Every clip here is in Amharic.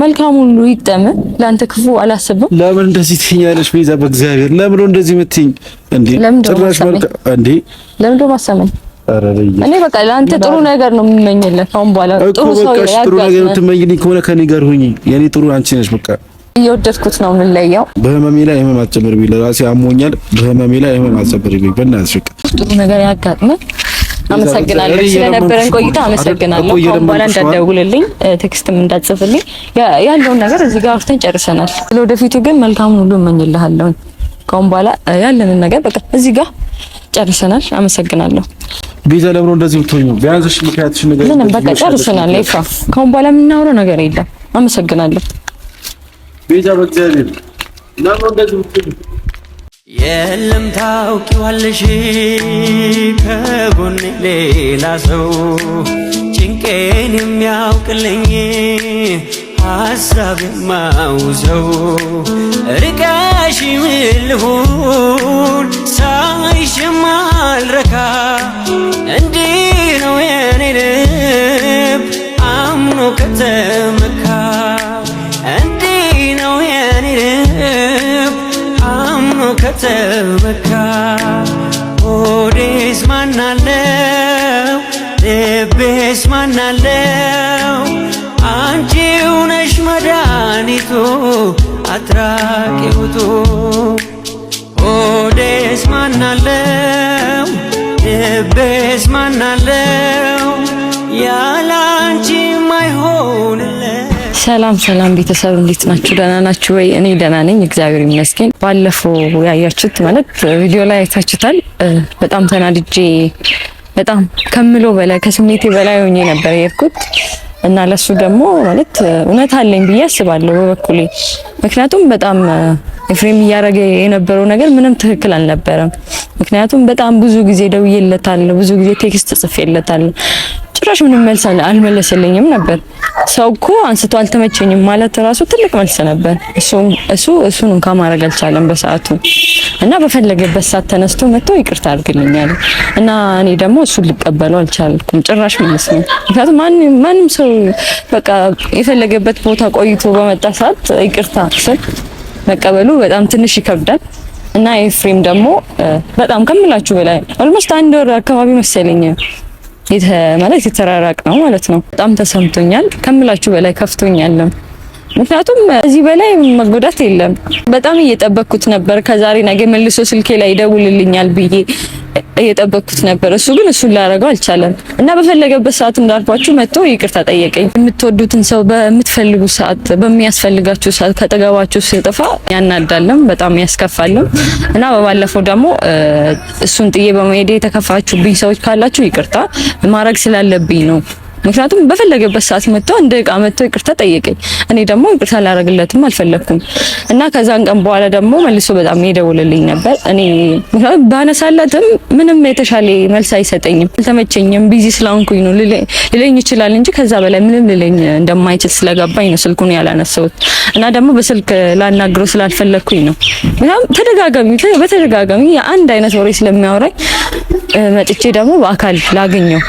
መልካሙን ሁሉ ይጠም። ለአንተ ክፉ አላሰብም። ለምን እንደዚህ ትኛለሽ ቤዛ? በእግዚአብሔር ለምን እንደዚህ ምትኝ? እንዴ? ጭራሽ መልካ እንዴ? ለምን ደው ማሰመኝ? እኔ በቃ ለአንተ ጥሩ ነገር ነው የምመኝለት። አሁን በኋላ ጥሩ ሰው ያጋጥመህ። ጥሩ ነገር የምትመኝልኝ ከሆነ ከኔ ጋር ሁኚ። የኔ ጥሩ አንቺ ነሽ። በቃ እየወደድኩት ነው የምንለየው። በህመሜ ላይ ህመም አትጨምርብኝ። ለራሴ አሞኛል። በህመሜ ላይ ህመም አትጨምርብኝ። በእናትሽ ጥሩ ነገር ያጋጥመህ። አመሰግናለሁ። ስለነበረን ቆይታ አመሰግናለሁ። አሁን በኋላ እንዳትደውልልኝ ቴክስትም እንዳትጽፍልኝ። ያለውን ነገር እዚህ ጋር አውርተን ጨርሰናል። ስለወደፊቱ ግን መልካሙን ሁሉ እመኝልሃለሁ። ከአሁን በኋላ ያለንን ነገር በቃ እዚህ ጋር ጨርሰናል። አመሰግናለሁ። ቤዛ ለምን እንደዚህ ብትሆኝ? ቢያንስ ምክንያትሽ ነገር ምንም በቃ ጨርሰናል። ይፋ ከአሁን በኋላ የምናወራው ነገር የለም። አመሰግናለሁ ቤዛ በእግዚአብሔር ለምን እንደዚህ ብትሆኝ የለም ታውቂዋለሽ ከጎን ሌላ ሰው ጭንቄን የሚያውቅልኝ ሀሳብ የማውዘው ርቀሽ ምን ሳይሽ የማልረካ እንዲህ ነው የኔ ልብ አምኖ ከተመካ ማናለው አንቺው ነሽ መድኃኒቱ አትራቂውቱ ሆዴስ ማናለው ልቤስ ማናለው ያላንቺ ማይሆንለት ሰላም ሰላም ቤተሰብ እንዴት ናችሁ? ደህና ናችሁ ወይ? እኔ ደህና ነኝ እግዚአብሔር ይመስገን። ባለፈው ያያችሁት ማለት ቪዲዮ ላይ አይታችሁታል። በጣም ተናድጄ በጣም ከምሎ በላይ ከስሜቴ በላይ ሆኜ ነበር የሄድኩት እና ለሱ ደግሞ ማለት እውነት አለኝ ብዬ አስባለሁ በበኩሌ። ምክንያቱም በጣም ኤፍሬም እያደረገ የነበረው ነገር ምንም ትክክል አልነበረም። ምክንያቱም በጣም ብዙ ጊዜ ደውዬለታለሁ፣ ብዙ ጊዜ ቴክስት ጽፌለታለሁ ጭራሽ ምንም መልስ አልመለሰልኝም ነበር። ሰው እኮ አንስቶ አልተመቸኝም ማለት ራሱ ትልቅ መልስ ነበር። እሱ እሱ እሱን እንኳን ማድረግ አልቻለም በሰዓቱ እና በፈለገበት ሰዓት ተነስቶ መጥቶ ይቅርታ አድርግልኛል እና እኔ ደግሞ እሱን ልቀበለው አልቻልኩም ጭራሽ ማለት ነው። ምክንያቱም ማንም ማንም ሰው በቃ የፈለገበት ቦታ ቆይቶ በመጣ ሰዓት ይቅርታ ስል መቀበሉ በጣም ትንሽ ይከብዳል። እና ኤፍሬም ደግሞ በጣም ከምላችሁ በላይ ኦልሞስት አንድ ወር አካባቢ መሰለኝ ማለት የተራራቅ ነው ማለት ነው። በጣም ተሰምቶኛል ከምላችሁ በላይ ከፍቶኛልም። ምክንያቱም እዚህ በላይ መጎዳት የለም። በጣም እየጠበኩት ነበር። ከዛሬ ነገ መልሶ ስልኬ ላይ ይደውልልኛል ብዬ እየጠበኩት ነበር። እሱ ግን እሱን ላደርገው አልቻለም እና በፈለገበት ሰዓት እንዳልኳችሁ መጥቶ ይቅርታ ጠየቀኝ። የምትወዱትን ሰው በምትፈልጉ ሰዓት፣ በሚያስፈልጋችሁ ሰዓት ከጠገባችሁ ሲጠፋ ያናዳለም በጣም ያስከፋልም እና በባለፈው ደግሞ እሱን ጥዬ በመሄዴ የተከፋችሁብኝ ሰዎች ካላችሁ ይቅርታ ማድረግ ስላለብኝ ነው ምክንያቱም በፈለገበት ሰዓት መጥቶ እንደ እቃ መጥቶ ይቅርታ ጠየቀኝ። እኔ ደግሞ ይቅርታ ላደርግለትም አልፈለኩም እና ከዛን ቀን በኋላ ደግሞ መልሶ በጣም ይደውልልኝ ነበር። እኔ ምክንያቱም ባነሳለትም ምንም የተሻለ መልስ አይሰጠኝም። አልተመቸኝም፣ ቢዚ ስለሆንኩኝ ነው ልለኝ ይችላል እንጂ ከዛ በላይ ምንም ልለኝ እንደማይችል ስለገባኝ ነው ስልኩን ያላነሳሁት እና ደግሞ በስልክ ላናግረው ስላልፈለኩኝ ነው። ምክንያቱም ተደጋጋሚ በተደጋጋሚ የአንድ አይነት ወሬ ስለሚያወራኝ መጥቼ ደግሞ በአካል ላገኘው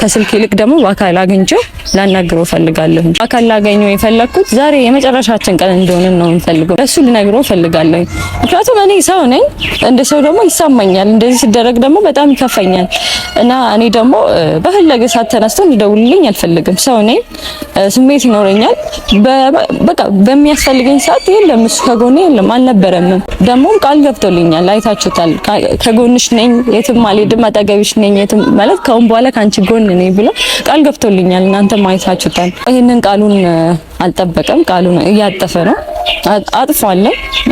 ከስልክ ይልቅ ደግሞ በአካል አግኝቼው ላናግረው እፈልጋለሁ። በአካል ላገኘው የፈለግኩት ዛሬ የመጨረሻችን ቀን እንደሆነ ነው የምፈልገው። ለሱ ልነግረው ፈልጋለሁ። ምክንያቱም እኔ ሰው ነኝ፣ እንደ ሰው ደግሞ ይሰማኛል። እንደዚህ ሲደረግ ደግሞ በጣም ይከፈኛል። እና እኔ ደግሞ በፈለገ ሰዓት ተነስቶ እንዲደውልልኝ አልፈልግም። ሰው ነኝ፣ ስሜት ይኖረኛል። በቃ በሚያስፈልገኝ ሰዓት የለም እሱ ከጎኔ የለም፣ አልነበረም። ደግሞ ቃል ገብቶልኛል፣ አይታችሁታል። ከጎንሽ ነኝ፣ የትም አልሄድም፣ አጠገብሽ ነኝ የትም ማለት ከአሁን በኋላ ከአንቺ ጎን ማን እኔ ብሎ ቃል ገብቶልኛል። እናንተ ማየታችሁታል። ይሄንን ቃሉን አልጠበቀም። ቃሉን እያጠፈ ነው፣ አጥፏል።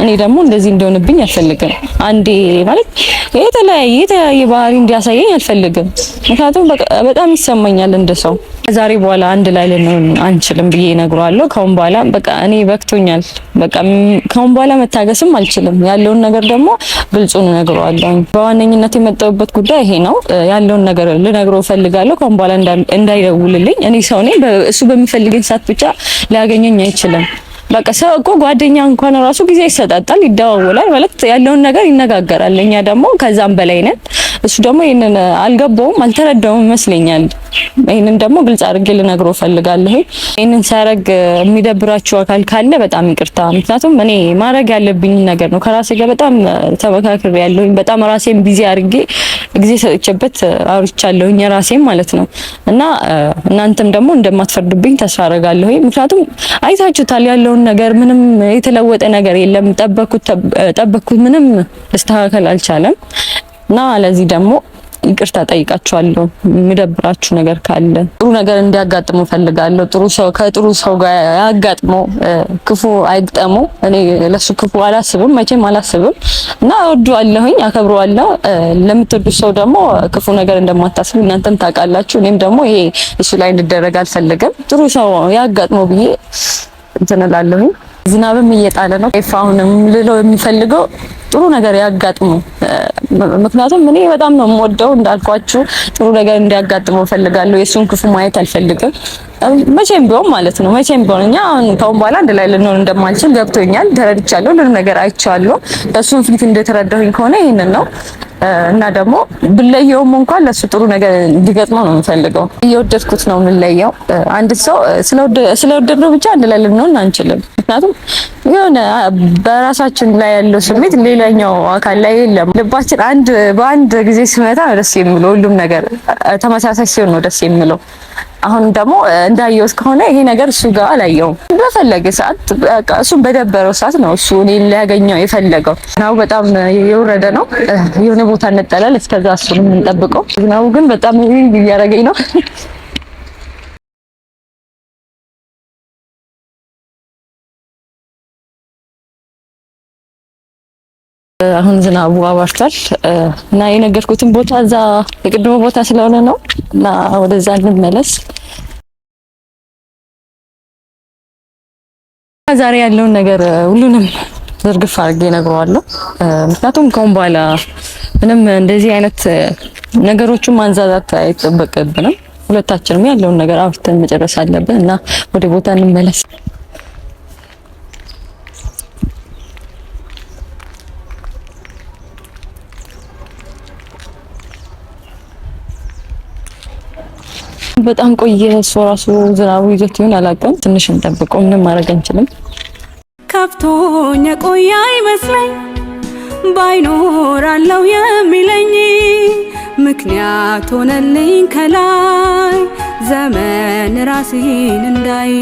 እኔ ደግሞ እንደዚህ እንደሆነብኝ አልፈልግም። አንዴ ማለት የተለያየ የተለያየ ባህሪ እንዲያሳየኝ አልፈልግም። ምክንያቱም በጣም ይሰማኛል እንደ ሰው። ከዛሬ በኋላ አንድ ላይ ልንሆን አንችልም ብዬ እነግረዋለሁ። ከአሁን በኋላ በቃ እኔ በክቶኛል። በቃ ከአሁን በኋላ መታገስም አልችልም። ያለውን ነገር ደግሞ ግልጹን እነግረዋለሁ። በዋነኝነት የመጣሁበት ጉዳይ ይሄ ነው። ያለውን ነገር ልነግረው እፈልጋለሁ። ከአሁን በኋላ እንዳይደውልልኝ። እኔ ሰው እሱ በሚፈልገኝ ሰዓት ብቻ ሊያገኘኝ አይችልም። በቃ ሰው እኮ ጓደኛ እንኳን ራሱ ጊዜ ይሰጣጣል፣ ይደዋወላል፣ ማለት ያለውን ነገር ይነጋገራል። እኛ ደግሞ ከዛም በላይ ነን። እሱ ደግሞ ይሄንን አልገባውም፣ አልተረዳውም ይመስለኛል። ይሄንን ደግሞ ግልጽ አድርጌ ልነግሮ ፈልጋለሁ ይሄንን ሳያረግ የሚደብራችሁ አካል ካለ በጣም ይቅርታ። ምክንያቱም እኔ ማድረግ ያለብኝ ነገር ነው። ከራሴ ጋር በጣም ተመካክሬ ያለሁ በጣም ራሴን ቢዚ አድርጌ ጊዜ ሰጥቼበት አውርቻለሁኝ፣ ራሴን ማለት ነው። እና እናንተም ደግሞ እንደማትፈርዱብኝ ተስፋ አደርጋለሁ። ምክንያቱም አይታችሁታል ያለው ያለውን ነገር ምንም የተለወጠ ነገር የለም። ጠበኩት ጠበኩት ምንም ልስተካከል አልቻለም እና ለዚህ ደግሞ ይቅርታ ጠይቃችኋለሁ። የሚደብራችሁ ነገር ካለ ጥሩ ነገር እንዲያጋጥሙ ፈልጋለሁ። ጥሩ ሰው ከጥሩ ሰው ጋር ያጋጥመው፣ ክፉ አይግጠሙ እኔ ለሱ ክፉ አላስብም፣ መቼም አላስብም እና እወደዋለሁኝ፣ አከብረዋለሁ። ለምትወዱ ሰው ደግሞ ክፉ ነገር እንደማታስቡ እናንተም ታውቃላችሁ። እኔም ደግሞ ይሄ እሱ ላይ እንዲደረግ አልፈልግም። ጥሩ ሰው ያጋጥመው ብዬ እንትን እላለሁኝ። ዝናብም እየጣለ ነው። አሁንም ልለው የሚፈልገው ጥሩ ነገር ያጋጥሙ። ምክንያቱም እኔ በጣም ነው የምወደው እንዳልኳችሁ ጥሩ ነገር እንዲያጋጥመው ፈልጋለሁ። የእሱን ክፉ ማየት አልፈልግም መቼም ቢሆን ማለት ነው። መቼም ቢሆን እኛ ከአሁን በኋላ አንድ ላይ ልንሆን እንደማንችል ገብቶኛል፣ ተረድቻለሁ። ሁሉንም ነገር አይቻለሁ። በእሱን ፊት እንደተረዳሁኝ ከሆነ ይህንን ነው እና ደግሞ ብለየውም እንኳን ለሱ ጥሩ ነገር እንዲገጥመው ነው የምፈልገው። እየወደድኩት ነው የምንለየው። አንድ ሰው ስለወደድነው ብቻ አንድ ላይ ልንሆን አንችልም። ምክንያቱም የሆነ በራሳችን ላይ ያለው ስሜት ሌላ ሌላኛው አካል ላይ የለም። ልባችን አንድ በአንድ ጊዜ ሲመታ ነው ደስ የሚለው። ሁሉም ነገር ተመሳሳይ ሲሆን ነው ደስ የሚለው። አሁን ደግሞ እንዳየው እስከሆነ ይሄ ነገር እሱ ጋር አላየውም። በፈለገ ሰዓት እሱን በደበረው ሰዓት ነው እሱ እኔ ሊያገኘው የፈለገው። ዝናቡ በጣም የወረደ ነው። የሆነ ቦታ እንጠላል። እስከዛ እሱን የምንጠብቀው። ዝናቡ ግን በጣም እያደረገኝ ነው አሁን ዝናቡ አባርቷል እና የነገርኩትን ቦታ እዛ የቅድሞ ቦታ ስለሆነ ነው እና ወደዛ እንመለስ። ዛሬ ያለውን ነገር ሁሉንም ዝርግፍ አድርጌ እነግረዋለሁ። ምክንያቱም ከአሁን በኋላ ምንም እንደዚህ አይነት ነገሮችን ማንዛዛት አይጠበቅብንም። ሁለታችንም ያለውን ነገር አውርተን መጨረስ አለብን እና ወደ ቦታ እንመለስ። በጣም ቆየ። እሱ ራሱ ዝናቡ ይዞት ይሆን አላውቅም። ትንሽ እንጠብቀው፣ ምንም ማድረግ አንችልም። ከብቶኝ የቆየ አይመስለኝ ባይኖር አለው የሚለኝ ምክንያት ሆነልኝ ከላይ ዘመን ራሴን እንዳይ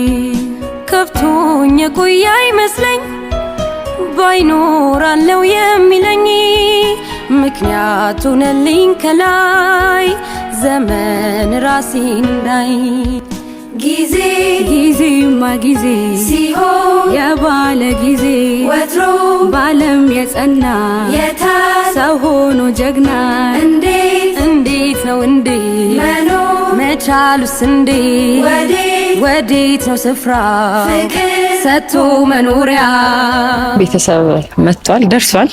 ከብቶኝ የቆየ አይመስለኝ ባይኖር አለው የሚለኝ ምክንያት ሆነልኝ ከላይ ዘመን ራሴን እንዳይ ጊዜ ጊዜማ ጊዜ ሲሆን የባለ ጊዜ ወትሮ ባለም የጸና የታ ሰው ሆኖ ጀግና እንዴት እንዴት ነው እንዴ መኖር መቻሉስ እንዴት ወዴት ነው ስፍራ ፍቅር ሰጥቶ መኖሪያ ቤተሰብ መጥቷል ደርሷል።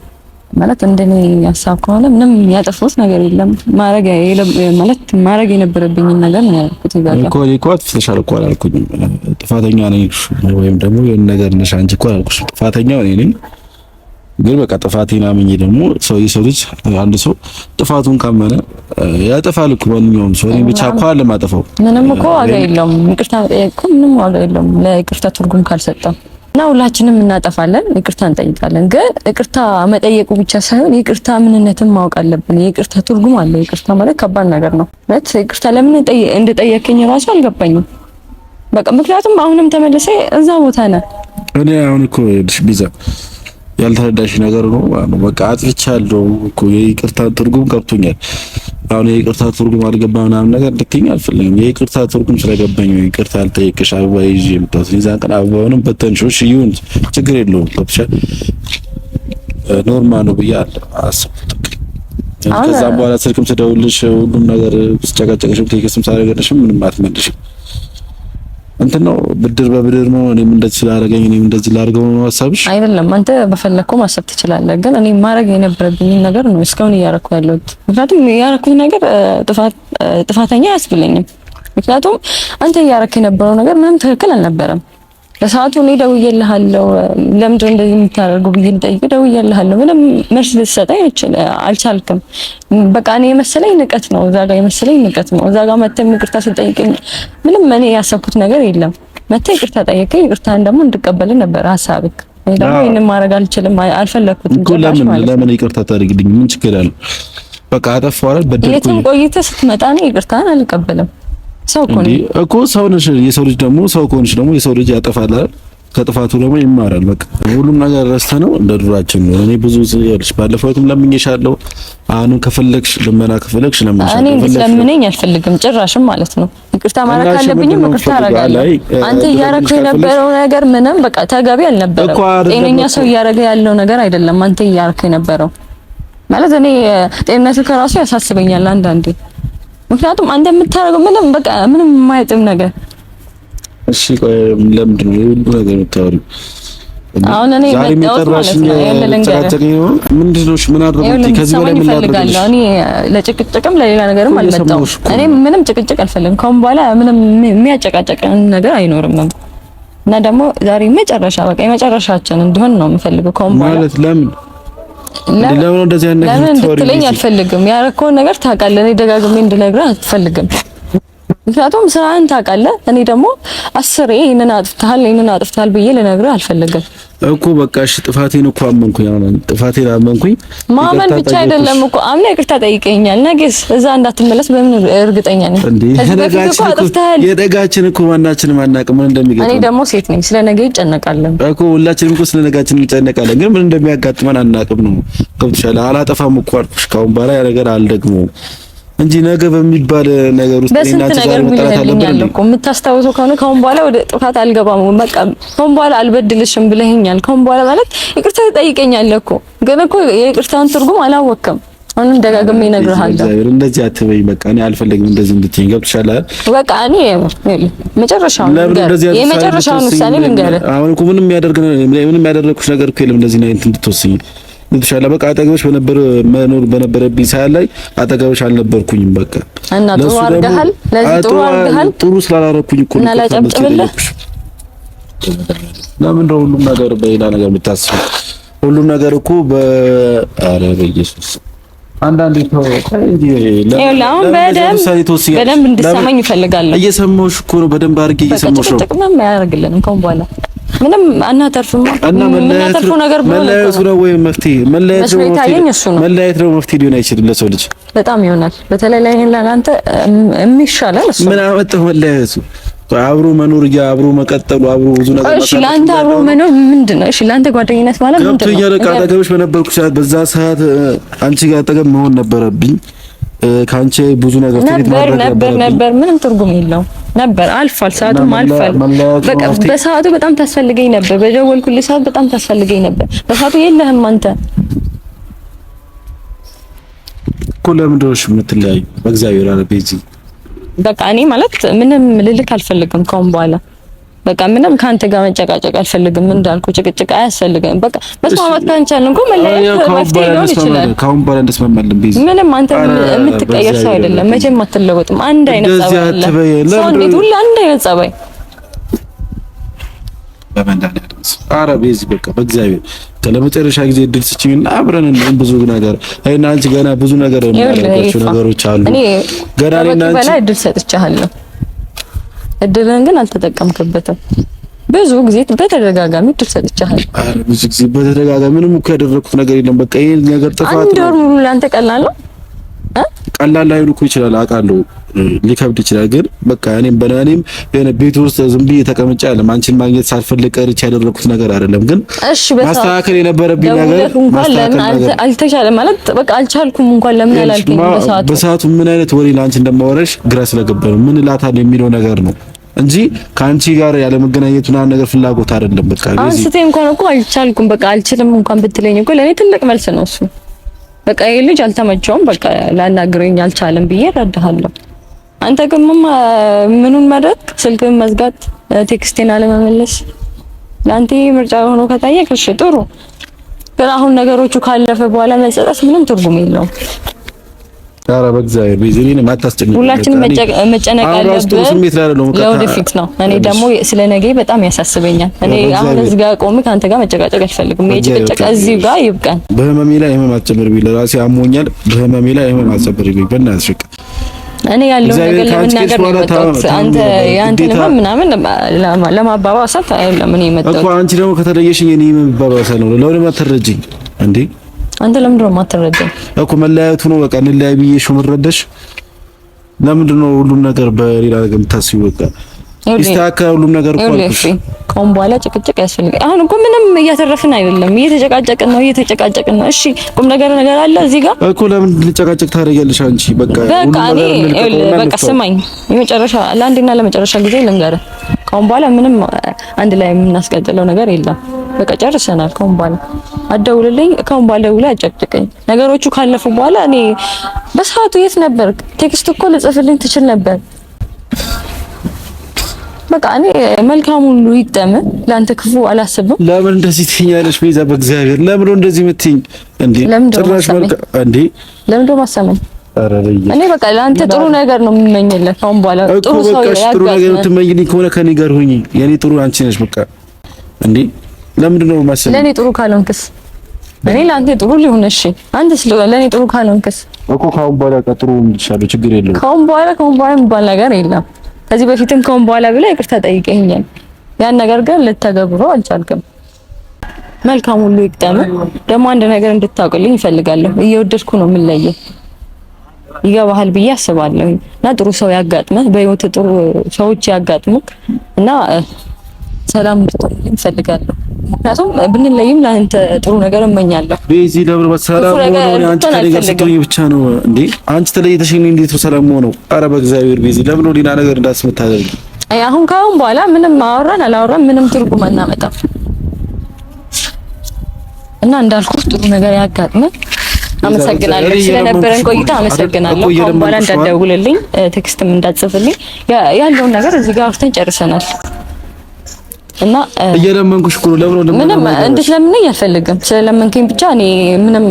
ማለት እንደኔ ሀሳብ ከሆነ ምንም ያጠፋሁት ነገር የለም። ማረግ ማለት ማረግ የነበረብኝ ነገር ነው ያልኩት። ይባላል እኮ እኮ አጥፍተሻል እኮ አላልኩኝ ጥፋተኛ ነኝ ወይም ደግሞ የሆነ ነገር ነሽ አንቺ እኮ አላልኩሽ። ጥፋተኛው እኔ ነኝ። ግን በቃ ጥፋቴን አምኜ ደግሞ ሰው የሰው ልጅ አንድ ሰው ጥፋቱን ካመነ ያጠፋል እኮ ማንኛውም ሰው። እኔ ብቻ እኮ አለማጠፋው ምንም እኮ ዋጋ የለውም። ይቅርታ መጠየቅ እኮ ምንም ዋጋ የለውም ለይቅርታ ትርጉም ካልሰጠም እና ሁላችንም እናጠፋለን፣ ይቅርታ እንጠይቃለን። ግን ይቅርታ መጠየቁ ብቻ ሳይሆን ይቅርታ ምንነትን ማወቅ አለብን። ይቅርታ ትርጉም አለ። ይቅርታ ማለት ከባድ ነገር ነው። ይቅርታ ለምን እንደጠየከኝ ራሱ አልገባኝም። በቃ ምክንያቱም አሁንም ተመልሰ እዛ ቦታ ነህ። እኔ አሁን እኮ ቢዛ ያልተረዳሽ ነገር ነው ማለት ነው። በቃ አጥፍቻለሁ እኮ የይቅርታ ትርጉም ገብቶኛል። አሁን የይቅርታ ትርጉም አልገባ ምናምን ነገር ልትይኝ አልፈልግም። የይቅርታ ትርጉም ስለገባኝ ወይ ይቅርታ አልጠየቅሽ አበባ ይዤ የምጣት ይዛን ቀን አበባውንም በተንሾሽ ይሁን ችግር የለውም ገብቶሻል። ኖርማ ነው ብዬ አለ አስቡት። ከዛም በኋላ ስልክም ስደውልሽ ሁሉም ነገር ስጨቀጨቅሽም ቴክስትም ሳደረገልሽም ምንም አትመልሽም እንትን ነው ብድር በብድር ነው። እኔም እንደዚህ ስላደረገኝ እኔም እንደዚህ ላደርገው ነው ሀሳብሽ አይደለም። አንተ በፈለግከው ማሰብ ትችላለህ፣ ግን እኔ ማድረግ የነበረብኝ ነገር ነው እስካሁን እያደረኩ ያለሁት። ምክንያቱም ያደረኩት ነገር ጥፋተኛ አያስብለኝም። ምክንያቱም አንተ እያደረክ የነበረው ነገር ምንም ትክክል አልነበረም። በሰዓቱ እኔ ደውዬልሃለሁ ለምንድን ነው እንደዚህ የምታደርገው ብዬ ልጠይቅ ደውዬልሃለሁ ምንም መልስ ልትሰጠኝ አልቻልክም። በቃ እኔ የመሰለኝ ንቀት ነው እዛ ጋር የመሰለኝ ንቀት ነው እዛ ጋር መተህ ይቅርታ ስጠይቅ ምንም እኔ ያሰብኩት ነገር የለም። መተህ ይቅርታ ጠየቀኝ። ይቅርታን ደግሞ እንድቀበል ነበር ሀሳብክ። ደግሞ ይሄንን ማድረግ አልችልም አልፈለኩትም። ለምን ለምን ይቅርታ ታደርግልኝ? ምን ችግር አለው? በቃ አጠፋው አይደል በደልኩኝ። የትም ቆይተህ ስትመጣ እኔ ይቅርታን አልቀበልም። ሰው እኮ ሰው ነሽ። የሰው ልጅ ደግሞ ሰው ከሆንሽ ደግሞ የሰው ልጅ ያጠፋል አይደል? ከጥፋቱ ደግሞ ይማራል። በቃ ሁሉም ነገር ረስተ ነው እንደ ዱራችን ነው። እኔ ብዙ ያልሽ ባለፈውም ለምኜሻለሁ። አሁን ከፈለግሽ ልመና ከፈለግሽ ለምንሽ እኔ ለምነኝ አልፈልግም ጭራሽም ማለት ነው። ይቅርታ ማለት ካለብኝም ይቅርታ አደርጋለሁ። አንተ እያረክ የነበረው ነገር ምንም በቃ ተገቢ አልነበረም። ጤነኛ ሰው እያረገ ያለው ነገር አይደለም። አንተ እያረክ የነበረው ማለት እኔ ጤንነቱ ከራሱ ያሳስበኛል አንዳንዴ ምክንያቱም አንተ የምታደርገው ምንም በቃ ምንም የማይጥም ነገር። እሺ ቆይ ለምንድን ነው ሁሉ ነገር የምታወሪው? አሁን እኔ መጣሁኝ እኔ ለጭቅጭቅም ለሌላ ነገርም አልመጣሁም። እኔ ምንም ጭቅጭቅ አልፈልግም። ከአሁን በኋላ ምንም የሚያጨቃጨቅ ነገር አይኖርም እና ደግሞ ዛሬ መጨረሻ በቃ የመጨረሻችን እንዲሆን ነው የምፈልገው ከአሁን በኋላ ማለት ለምን ለምን እንደዚህ አይነት ነገር አልፈልግም። ያረከውን ነገር ታውቃለህ። እኔ ደጋግሜ እንድነግርህ አትፈልግም ምክንያቱም ስራህን ታውቃለህ። እኔ ደግሞ አስሬ ይሄንን አጥፍተሃል ይሄንን አጥፍተሃል ብዬ ልነግርህ አልፈለግም እኮ በቃ እሺ፣ ጥፋቴን እኮ አመንኩኝ። አሁን ጥፋቴን አመንኩኝ። ማመን ብቻ አይደለም እኮ አምና ይቅርታ ጠይቀኛል። ነገስ እዛ እንዳትመለስ በምን እርግጠኛ ነኝ? የነጋችን እኮ ማናችንም አናውቅም ምን እንደሚገጥም። እኔ ደግሞ ሴት ነኝ፣ ስለ ነገ ይጨነቃለን እኮ ሁላችንም እኮ ስለ ነጋችን እንጨነቃለን፣ ግን ምን እንደሚያጋጥመን አናውቅም ነው። ገብቶሻል? አላጠፋም እኮ አልኩሽ፣ ካሁን በኋላ ያ ነገር አልደግመውም እንጂ ነገ በሚባል ነገር ውስጥ ለና ተዛሬ መጣላት አለብኝ እንዴ? የምታስታውሰው ከሆነ ከአሁን በኋላ ወደ ጥፋት አልገባም፣ በቃ ከአሁን በኋላ አልበድልሽም ብለኸኛል። ከአሁን በኋላ ማለት ይቅርታ ትጠይቀኛለህ እኮ ግን እኮ የይቅርታውን ትርጉም አላወቅም። አሁንም ደጋግሜ እነግርሃለሁ። እንደዚህ አትበይ። በቃ እኔ አልፈልግም እንደዚህ እንድትይኝ። ገብቶሻል አይደል? በቃ እኔ መጨረሻውን የመጨረሻውን ውሳኔ ልንገርህ። አሁን እኮ ምንም ያደርግ ምንም ያደረኩሽ ነገር እኮ የለም እንደዚህ እንድትወስኝ እንትሻለ በቃ አጠገብሽ በነበረ መኖር በነበረብኝ ሰዓት ላይ አጠገብሽ አልነበርኩኝም። በቃ እና ጥሩ አድርገሃል። ለዚህ ጥሩ አድርገሃል። ጥሩ ስላላረኩኝ እኮ እና ተመለስኩልሽ። ለምን ነው ሁሉም ነገር በሌላ ነገር የምታስበው? ሁሉም ነገር እኮ በ አረ በኢየሱስ አንዳንዴ ተው እንጂ ለምን በደንብ እንድትሰማኝ እፈልጋለሁ። እየሰማሁሽ እኮ ነው። በደንብ አድርጌ እየሰማሁሽ ነው። ጥቅምም አያደርግልንም ከአሁን በኋላ ምንም አናተርፍም እና መለያየቱ ነገር መለያየቱ ነው ወይ መፍትሄ? መለያየቱ ነው መለያየት ነው መፍትሄ ሊሆን አይችልም። ለሰው ልጅ በጣም ይሆናል። በተለይ ላይ ለአንተ የሚሻላል እሱ ምን አመጣው መለያየቱ አብሮ መኖር ያ አብሮ መቀጠሉ አብሮ ብዙ ነገር እሺ፣ ለአንተ አብሮ መኖር ምንድን ነው? እሺ፣ ለአንተ ጓደኝነት ማለት ምንድን ነው? ያለ አጠገብሽ በነበርኩ ሰዓት በዛ ሰዓት አንቺ ጋር አጠገብ መሆን ነበረብኝ። ከአንቺ ብዙ ነገር ትሪት ማድረግ ነበር ነበር ምንም ትርጉም የለውም። ነበር አልፏል። ሰዓቱም አልፏል። በቃ በሰዓቱ በጣም ታስፈልገኝ ነበር። በደወልኩልህ ሰዓት በጣም ታስፈልገኝ ነበር። በሰዓቱ የለህም አንተ እኮ ለምንድን ነው የምትለያዩ? በእግዚአብሔር አለ ቤዚ በቃ እኔ ማለት ምንም ልልክ አልፈልግም ከአሁን በኋላ በቃ ምንም ከአንተ ጋር መጨቃጨቅ አልፈልግም። እንዳልኩ ጭቅጭቅ አያስፈልግም። በቃ መስማማት ካንቻል እንኳን መለያየት መፍትሄ ሊሆን ይችላል። ካሁን ምንም አንተ የምትቀየር ሰው አይደለም፣ መቼም አትለወጥም። አንድ አይነት ጸባይ አለ። እንዴት ሁሉ አንድ አይነት ጸባይ። በቃ በእግዚአብሔር ጊዜ እድል ስጪኝና አብረን ብዙ ነገር እኔና አንቺ ገና ብዙ ነገር የምናደርጋቸው ነገሮች አሉ። ገና እኔና አንቺ በላይ እድል ሰጥቻለሁ እድልን ግን አልተጠቀምክበትም። ብዙ ጊዜ በተደጋጋሚ እድል ሰጥቻለሁ። ብዙ ጊዜ በተደጋጋሚ ምንም እኮ ያደረኩት ነገር የለም። በቃ ይሄ ነገር ጥፋት ነው። አንድ ወር ሙሉ ለአንተ ቀላል ነው። ቀላል ላይሆን እኮ ይችላል፣ አውቃለሁ። ሊከብድ ይችላል። ግን በቃ እኔም በእኔም የሆነ ቤት ውስጥ ዝም ብዬ ተቀምጬ አይደለም አንቺን ማግኘት ሳልፈልግ ቀርቼ ያደረኩት ነገር አይደለም። ግን እሺ ማስተካከል የነበረብኝ ነገር አልተሻለ ማለት በቃ አልቻልኩም እንኳን ለምን አላልከኝ በሰዓቱ ምን አይነት ወሬ ለአንቺ እንደማወራሽ ግራ ስለገባ ነው ምን እላታለሁ የሚለው ነገር ነው እንጂ ከአንቺ ጋር መገናኘት ምናምን ነገር ፍላጎት አይደለም። በቃ አንስቴ እንኳን እኮ አልቻልኩም፣ በቃ አልችልም እንኳን ብትለኝ እኮ ለእኔ ትልቅ መልስ ነው እሱ። በቃ ይሄ ልጅ አልተመቸውም፣ በቃ ላናግረኝ አልቻለም ብዬ እረዳሃለሁ። አንተ ግን ምኑን መረጥክ? ስልክን መዝጋት፣ ቴክስቴን አለመመለስ ለአንተ ምርጫ ሆኖ ከታየ እሺ ጥሩ። ግን አሁን ነገሮቹ ካለፈ በኋላ መጸጸት ምንም ትርጉም የለውም። ኧረ በእግዚአብሔር ቤዚሊን ማታስጨንቅ። ሁላችንም መጨነቅ ያለብን ስሜት ላይ አይደለም፣ ለወደፊት ነው። እኔ ደግሞ ስለ ነገ በጣም ያሳስበኛል። እኔ አሁን እዚህ ጋር ቆሜ ከአንተ ጋር መጨቃጨቅ አልፈልግም። የጭቅጭቅ እዚህ ጋር ይብቃን። በህመሜ ላይ ህመም አትጨምርብኝ። ለራሴ አሞኛል። በህመሜ ላይ ህመም አትጨምርብኝ። በእናትሽ በቃ እኔ ያለው ነገር ለምናገር ነው የመጣሁት። አንተ ያንተ ህመም ምናምን ለማባባሳት አይደለም እኔ የመጣሁት እኮ። አንቺ ደግሞ ከተለየሽኝ እኔ የምባባሳ ነው። ለምን አትረጂኝ እንዴ? አንተ ለምንድን ነው የማትረዳኝ? እኮ መለያየቱ ነው በቃ እንለያይ ብዬሽ ነው የምትረዳሽ። ለምንድን ነው ሁሉም ነገር በሌላ ነገር የምታስቢው? በቃ ይስተካከላል ሁሉም ነገር እኮ አልኩሽ። ከአሁን በኋላ ጭቅጭቅ ያስፈልጋል። አሁን እኮ ምንም እያተረፍን አይደለም፣ እየተጨቃጨቅን ነው፣ እየተጨቃጨቅን ነው። እሺ ቁም ነገር ነገር አለ እዚህ ጋር እኮ ለምን ልጨቃጨቅ ታደርጊያለሽ አንቺ? በቃ በቃ በቃ ስማኝ፣ የመጨረሻ ለመጨረሻ ጊዜ ልንገርህ፣ ከአሁን በኋላ ምንም አንድ ላይ የምናስቀጥለው ነገር የለም። በቃ ጨርሰናል። ከአሁን በኋላ ከአሁን በኋላ ደውለህ አጨቅጭቀኝ። ነገሮቹ ካለፉ በኋላ እኔ በሰዓቱ የት ነበር? ቴክስት እኮ ልጽፍልኝ ትችል ነበር። በቃ እኔ መልካም ሁሉ ይጠም፣ ለአንተ ክፉ አላስብም። ለምን እንደዚህ ትይኛለሽ ቤዛ? በእግዚአብሔር ለምን እንደዚህ የምትይኝ እንዴ? ጭራሽ መልካም እንዴ? ለምን ደሞ አሰመኝ? እኔ በቃ ለአንተ ጥሩ ነገር ነው የምመኝልህ። አሁን በኋላ ጥሩ ሰው ያጋጥመህ። ጥሩ ነገር የምትመኝልኝ ከሆነ ከኔ ጋር ሁኚ። የኔ ጥሩ አንቺ ነሽ። በቃ እንዴ ለምንድን ነው የማሰመኝ? ለኔ ጥሩ ካልሆንክስ? እኔ ለአንተ ጥሩ ሊሆን እሺ፣ አንተ ስለሆነ ለኔ ጥሩ ካልሆንክስ እኮ ካሁን በኋላ ጥሩ ችግር የለውም። ካሁን በኋላ ካሁን በኋላ የሚባል ነገር የለም። ከዚህ በፊትም ከሆን በኋላ ብላ ይቅርታ ጠይቀኛል። ያን ነገር ግን ልተገብሮ አልቻልክም። መልካም ሁሉ ይቅጠም። ደግሞ አንድ ነገር እንድታውቅልኝ ይፈልጋለሁ። እየወደድኩ ነው የምንለየው፣ ይገባሃል ብዬ አስባለሁ እና ጥሩ ሰው ያጋጥመህ፣ በህይወት ጥሩ ሰዎች ያጋጥሙክ እና ሰላም እንድትሆንልኝ እፈልጋለሁ። ምክንያቱም ብንለይም ለአንተ ጥሩ ነገር እመኛለሁ። ቤዚ ለብርበት ሰላም ሆኖ አንቺ ከኔ ጋር ስትሆኝ ብቻ ነው እንዴ? አንቺ ተለይተሽ እኔ እንዴት ሰላም ሆኖ? ኧረ በእግዚአብሔር ቤዚ ለምን ሌላ ነገር አይ አሁን ካሁን በኋላ ምንም አወራን አላወራን ምንም ትርጉም አናመጣም እና እንዳልኩ ጥሩ ነገር ያጋጥመ። አመሰግናለሁ ስለነበረን ቆይታ አመሰግናለሁ። አሁን በኋላ እንዳትደውልልኝ ቴክስትም እንዳትጽፍልኝ ያለውን ነገር እዚህ ጋር አውርተን ጨርሰናል። እና እየለመንኩሽ ኩሩ ለምን ነው ምንም እንድትለምነኝ አልፈልግም። ስለለመንከኝ ብቻ እኔ ምንም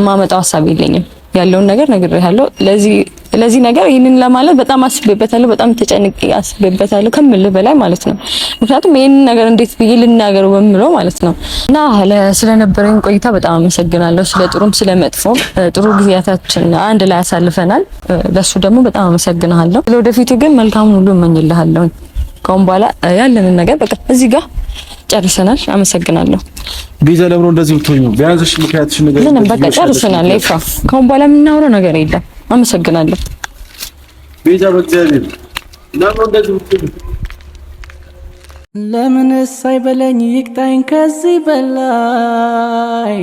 የማመጣው ሀሳብ የለኝም። ያለውን ነገር ነግሬሃለሁ። ለዚህ ለዚህ ነገር ይህንን ለማለት በጣም አስቤበታለሁ። በጣም ተጨንቄ አስቤበታለሁ ከምልህ በላይ ማለት ነው። ምክንያቱም ይህንን ነገር እንዴት ብዬ ልናገረው በምለው ማለት ነው። እና ስለነበረኝ ቆይታ በጣም አመሰግናለሁ። ስለ ጥሩም ስለ መጥፎም ጥሩ ጊዜያታችን አንድ ላይ አሳልፈናል። ለሱ ደግሞ በጣም አመሰግናለሁ። ለወደፊቱ ግን መልካሙን ሁሉ እመኝልሃለሁ። ከአሁን በኋላ ያለንን ነገር በቃ እዚህ ጋር ጨርሰናል። አመሰግናለሁ። ቤዛ ለምን እንደዚህ ብትሆኝ ነው? ቢያንስ ምክንያትሽ ነገር ምንም በቃ ጨርሰናል። ይፋ ከአሁን በኋላ የምናውረው ነገር የለም። አመሰግናለሁ። ቤዛ በእግዚአብሔር ለምን እንደዚህ ብትሆኝ ለምን ሳይበለኝ ይቅጣኝ ከዚህ በላይ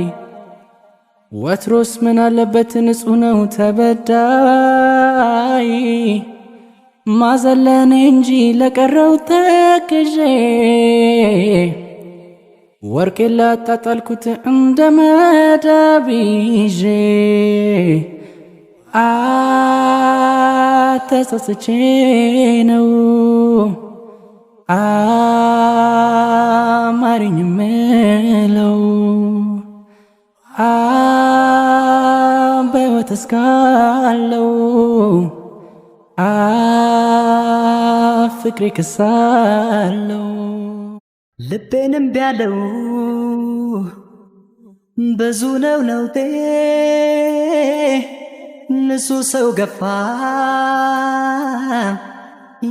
ወትሮስ ምን አለበት ንጹህ ነው ተበዳይ ማዘለን እንጂ ለቀረው ተክዤ ወርቄ ላጣጣልኩት እንደ መዳብ ይዤ አተሳስቼ ነው አማርኝ ምለው በሕይወት እስካለው ፍቅሬ ክሳለው ልቤንም ቢያለው ብዙ ነው ነውቴ ንሱ ሰው ገፋ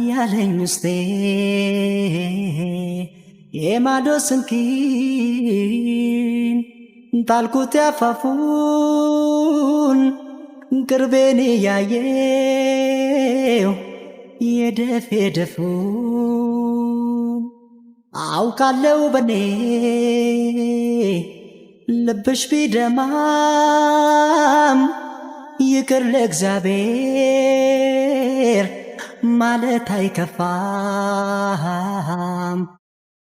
ያለኝ ውስጤ የማዶ ስንኪን ጣልኩት ያፋፉን ቅርቤን ያየ ው የደፍ የደፉ አውቃለው በኔ ልብሽ ቢደማም ይቅር ለእግዚአብሔር ማለት አይከፋም።